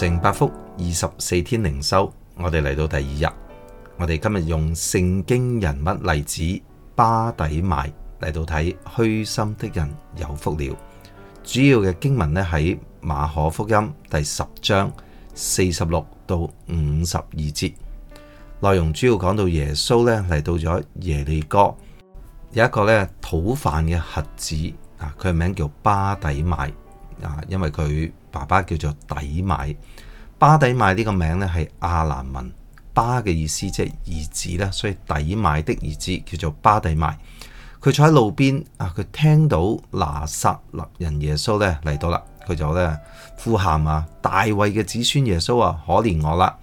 承八福二十四天靈修，我哋嚟到第二日，我哋今日用聖經人物例子巴底買嚟到睇虛心的人有福了。主要嘅經文呢，喺馬可福音第十章四十六到五十二節，內容主要講到耶穌呢嚟到咗耶利哥，有一個呢討飯嘅瞎子啊，佢嘅名叫巴底買啊，因為佢。爸爸叫做底買，巴底買呢個名呢，係亞蘭文巴嘅意思即係兒子啦，所以底買的兒子叫做巴底買。佢坐喺路邊啊，佢聽到拿撒勒人耶穌呢嚟到啦，佢就呢呼喊啊，大衛嘅子孫耶穌啊，可憐我啦！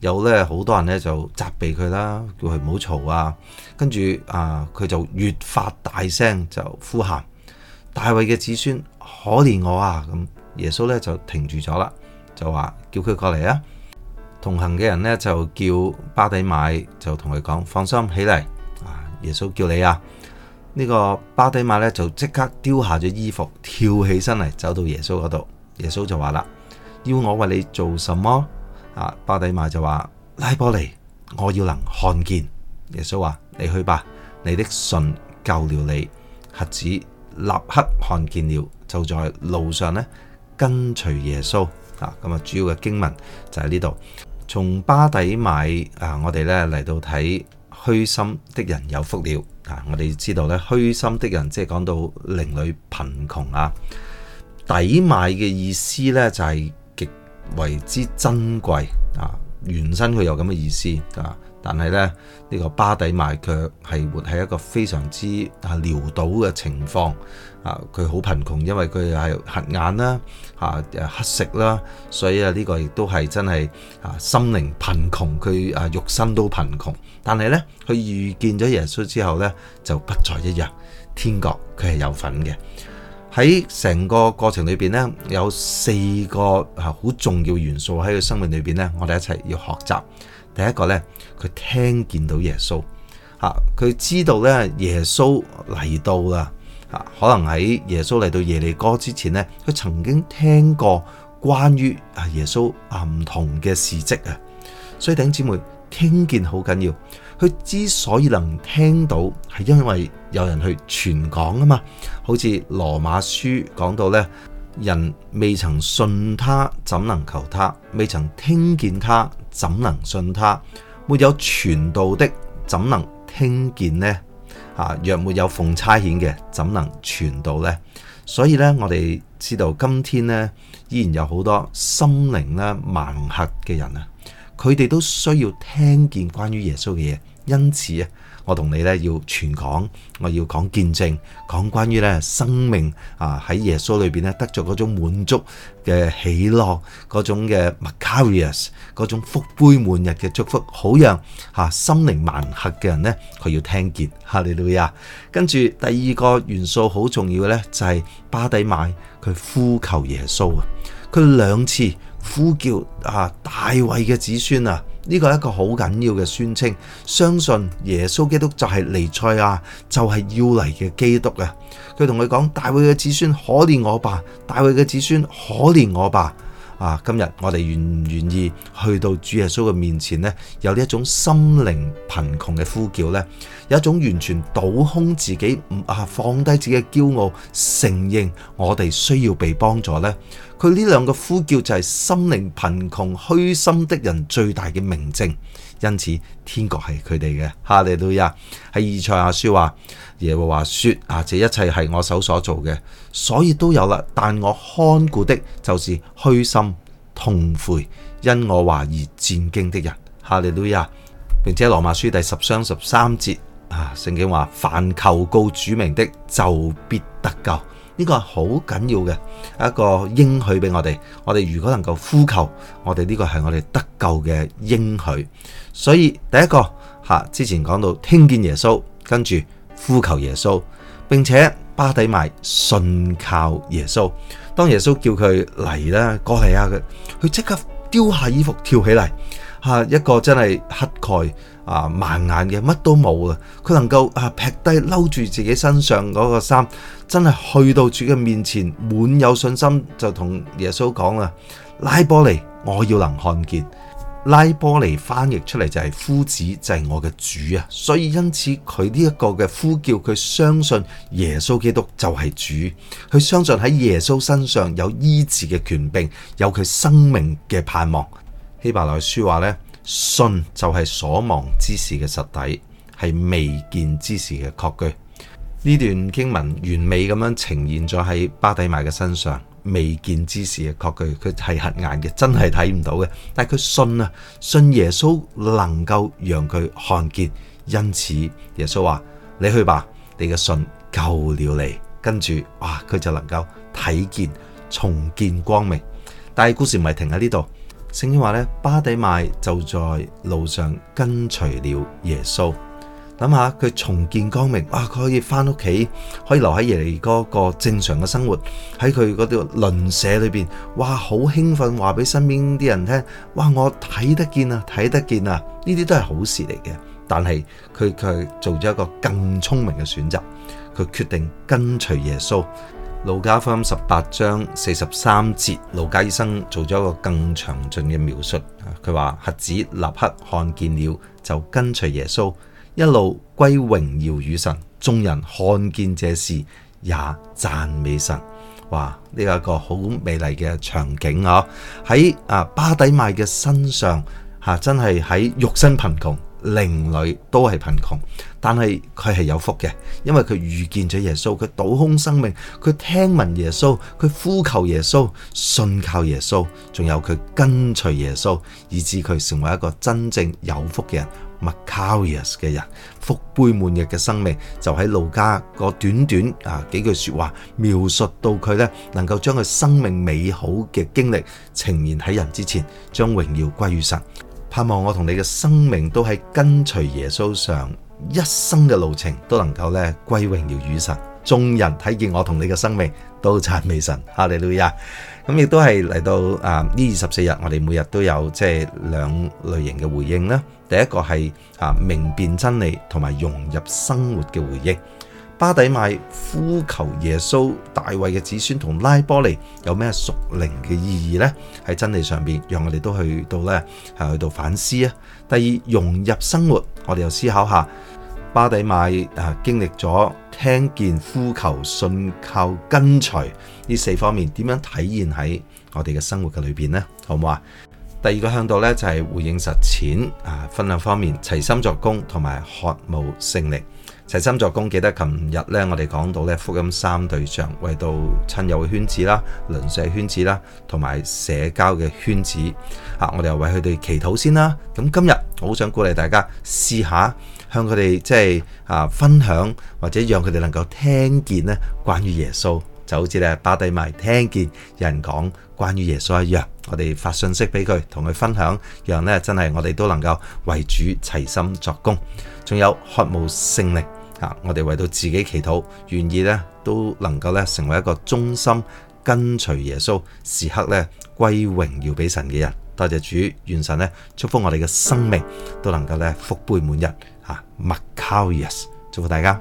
有呢好多人呢，就責備佢啦，叫佢唔好嘈啊。跟住啊，佢就越發大聲就呼喊大衛嘅子孫，可憐我啊咁。耶穌咧就停住咗啦，就話叫佢過嚟啊。同行嘅人呢，就叫巴底買就同佢講，放心，起嚟啊。耶穌叫你啊，呢、呢個巴底買呢，就即刻丟下咗衣服，跳起身嚟走到耶穌嗰度。耶穌就話啦，要我為你做什麼啊？巴底買就話拉波尼，我要能看見。耶穌話你去吧，你的信救了你。瞎子立刻看見了，就在路上呢。跟隨耶穌啊，咁啊主要嘅經文就喺呢度，從巴底買啊，我哋咧嚟到睇虛心的人有福了啊，我哋知道咧虛心的人即係講到靈裡貧窮啊，底買嘅意思呢，就係極為之珍貴啊，原身佢有咁嘅意思啊。但係咧，呢、這個巴底買卻係活喺一個非常之啊潦倒嘅情況啊，佢好貧窮，因為佢係瞎眼啦，吓誒乞食啦，所以啊呢個亦都係真係啊心靈貧窮，佢啊肉身都貧窮。但係呢，佢遇見咗耶穌之後呢，就不再一樣，天國佢係有份嘅。喺成個過程裏邊呢，有四個啊好重要元素喺佢生命裏邊呢，我哋一齊要學習。第一個咧，佢聽見到耶穌，吓佢知道咧耶穌嚟到啦，吓可能喺耶穌嚟到耶利哥之前咧，佢曾經聽過關於啊耶穌啊唔同嘅事蹟啊，所以頂姊妹聽見好緊要，佢之所以能聽到係因為有人去傳講啊嘛，好似羅馬書講到咧。人未曾信他，怎能求他？未曾聽見他，怎能信他？沒有傳道的，怎能聽見呢？若沒有奉差遣嘅，怎能傳道呢？所以呢，我哋知道，今天呢，依然有好多心靈啦盲瞎嘅人啊，佢哋都需要聽見關於耶穌嘅嘢，因此啊。我同你咧要傳講，我要講見證，講關於咧生命啊喺耶穌裏邊咧得着嗰種滿足嘅喜樂，嗰種嘅 Macarius，c 嗰種福杯滿溢嘅祝福，好讓吓心靈盲瞎嘅人咧，佢要聽見哈利路亞！跟住第二個元素好重要咧，就係巴底買，佢呼求耶穌啊，佢兩次呼叫啊大衛嘅子孫啊！呢個一個好緊要嘅宣稱，相信耶穌基督就係彌賽亞，就係要嚟嘅基督啊！佢同佢講：大衛嘅子孫可憐我吧，大衛嘅子孫可憐我吧！啊，今日我哋願唔願意去到主耶穌嘅面前呢？有一種心靈貧窮嘅呼叫呢？有一種完全倒空自己，唔啊放低自己嘅驕傲，承認我哋需要被幫助呢，佢呢兩個呼叫就係心靈貧窮虛心的人最大嘅明證，因此天國係佢哋嘅。哈利路亞。喺以賽亞書話，耶和華說啊，這一切係我手所做嘅，所以都有啦。但我看顧的就是虛心痛悔因我話而戰兢的人。哈利路亞，並且羅馬書第十章十三節。啊！聖經話凡求告主名的就必得救。呢個係好緊要嘅一個應許俾我哋。我哋如果能夠呼求，我哋呢個係我哋得救嘅應許。所以第一個吓，之前講到聽見耶穌，跟住呼求耶穌，並且巴底買信靠耶穌。當耶穌叫佢嚟啦，過嚟啊，佢佢即刻丟下衣服跳起嚟。一個真係乞丐啊，盲眼嘅乜都冇啊，佢能夠啊劈低嬲住自己身上嗰個衫，真係去到主嘅面前滿有信心，就同耶穌講啦：拉波尼，我要能看見。拉波尼翻譯出嚟就係夫子，就係我嘅主啊！所以因此佢呢一個嘅呼叫，佢相信耶穌基督就係主，佢相信喺耶穌身上有醫治嘅權柄，有佢生命嘅盼望。希伯來書話呢，信就係所望之事嘅實底，係未見之事嘅確據，呢段經文完美咁樣呈現咗喺巴底買嘅身上。未見之事嘅確據，佢係黑眼嘅，真係睇唔到嘅。但係佢信啊，信耶穌能夠讓佢看見，因此耶穌話：你去吧，你嘅信救了你。跟住，哇，佢就能夠睇見，重見光明。但係故事唔係停喺呢度。聖經話咧，巴底買就在路上跟隨了耶穌。諗下佢重見光明，哇！佢可以翻屋企，可以留喺耶利哥個正常嘅生活，喺佢嗰條鄰舍裏邊，哇！好興奮，話俾身邊啲人聽，哇！我睇得見啊，睇得見啊，呢啲都係好事嚟嘅。但係佢做咗一個更聰明嘅選擇，佢決定跟隨耶穌。路加福音十八章四十三節，路加醫生做咗一個更詳盡嘅描述。佢話，瞎子立刻看見了，就跟隨耶穌，一路歸榮耀與神。眾人看見這事，也讚美神。嘩，呢一個好美麗嘅場景啊！喺啊，巴底買嘅身上，真係喺肉身貧窮。鄰里都係貧窮，但係佢係有福嘅，因為佢遇見咗耶穌，佢倒空生命，佢聽聞耶穌，佢呼求耶穌，信靠耶穌，仲有佢跟隨耶穌，以致佢成為一個真正有福嘅人。Macarius 嘅人，福杯滿溢嘅生命，就喺路加個短短啊幾句說話，描述到佢呢能夠將佢生命美好嘅經歷呈現喺人之前，將榮耀歸於神。盼望我同你嘅生命都喺跟隨耶穌上一生嘅路程都能夠咧歸榮耀與神。眾人睇見我同你嘅生命都讚美神。哈利路亞。咁亦都係嚟到，啊呢二十四日，我哋每日都有即係兩類型嘅回應啦。第一個係啊明辨真理同埋融入生活嘅回應。巴底買呼求耶穌，大衛嘅子孫同拉波尼有咩屬靈嘅意義呢？喺真理上邊，讓我哋都去到呢，係去到反思啊。第二，融入生活，我哋又思考下，巴底買啊，經歷咗聽見呼求、信靠、跟隨呢四方面，點樣體現喺我哋嘅生活嘅裏邊呢？好唔好啊？第二個向導咧就係回應實踐啊，分享方面齊心作工同埋渴慕聖靈齊心作工。記得琴日咧我哋講到咧福音三對象，為到親友嘅圈子啦、鄰舍圈子啦，同埋社交嘅圈子啊，我哋又為佢哋祈禱先啦。咁今日我好想鼓勵大家試下向佢哋即係啊分享，或者讓佢哋能夠聽見呢關於耶穌。就好似咧，巴地咪聽見有人講關於耶穌一樣，我哋發信息俾佢，同佢分享，讓咧真係我哋都能夠為主齊心作功，仲有渴慕勝利啊！我哋為到自己祈禱，願意咧都能夠咧成為一個忠心跟隨耶穌，時刻咧歸榮耀俾神嘅人。多謝主，願神咧祝福我哋嘅生命都能夠咧福杯滿溢啊！麥考爾，耶 s 祝福大家。